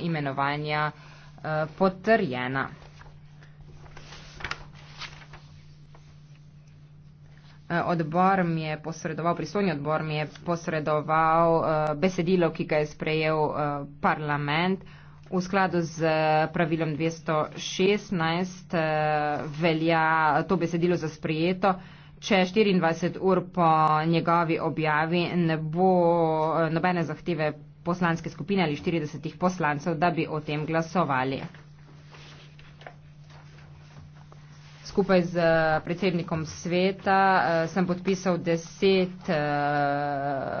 imenovanja eh, potrjena. Eh, odbor mi je posredoval, pristojni odbor mi je posredoval eh, besedilo, ki ga je sprejel parlament. V skladu z pravilom 216 velja to besedilo za sprijeto, če 24 ur po njegovi objavi ne bo eh, nobene zahteve poslanske skupine ali 40 poslancev, da bi o tem glasovali. Skupaj z eh, predsednikom sveta eh, sem podpisal 10.